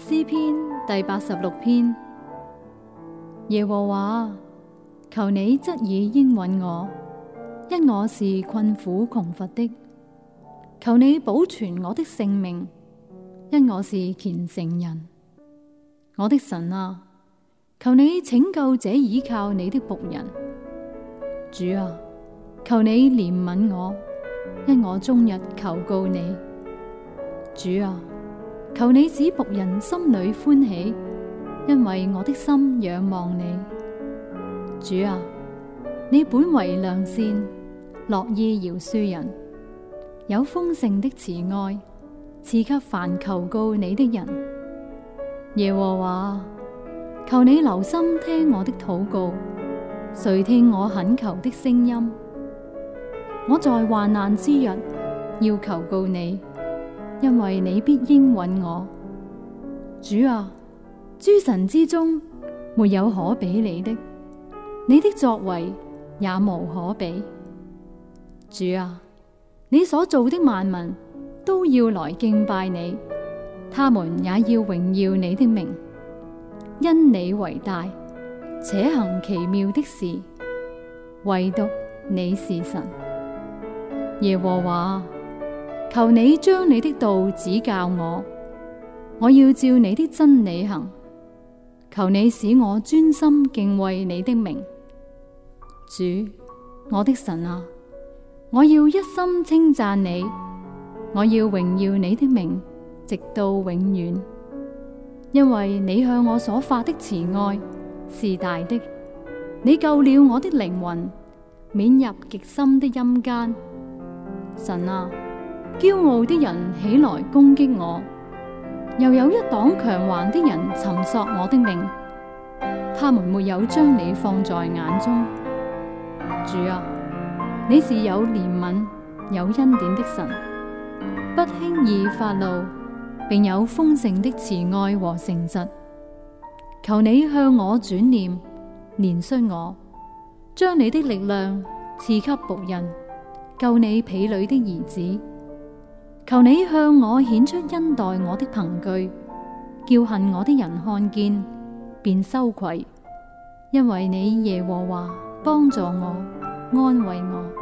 詩篇第八十六篇：耶和華，求你側耳應允我，因我是困苦窮乏的；求你保存我的性命，因我是虔誠人。我的神啊，求你拯救這倚靠你的僕人。主啊，求你憐憫我，因我終日求告你。主啊。求你使僕人心裏歡喜，因為我的心仰望你。主啊，你本為良善，樂意饒恕人，有豐盛的慈愛賜給凡求告你的人。耶和華，求你留心聽我的禱告，誰聽我懇求的聲音？我在患難之日要求告你。因為你必應允我，主啊，諸神之中沒有可比你的，你的作為也無可比。主啊，你所做的萬民都要來敬拜你，他們也要榮耀你的名，因你為大，且行奇妙的事，唯獨你是神，耶和華。求你將你的道指教我，我要照你的真理行。求你使我專心敬畏你的名，主，我的神啊，我要一心稱讚你，我要榮耀你的名，直到永遠。因為你向我所發的慈愛是大的，你救了我的靈魂，免入極深的陰間。神啊！驕傲的人起來攻擊我，又有一黨強橫的人尋索我的命。他們沒有將你放在眼中。主啊，你是有憐憫、有恩典的神，不輕易發怒，並有豐盛的慈愛和誠實。求你向我轉念，憐恤我，將你的力量賜給僕人，救你婢女的兒子。求你向我顯出恩待我的憑據，叫恨我的人看見便羞愧，因為你耶和華幫助我，安慰我。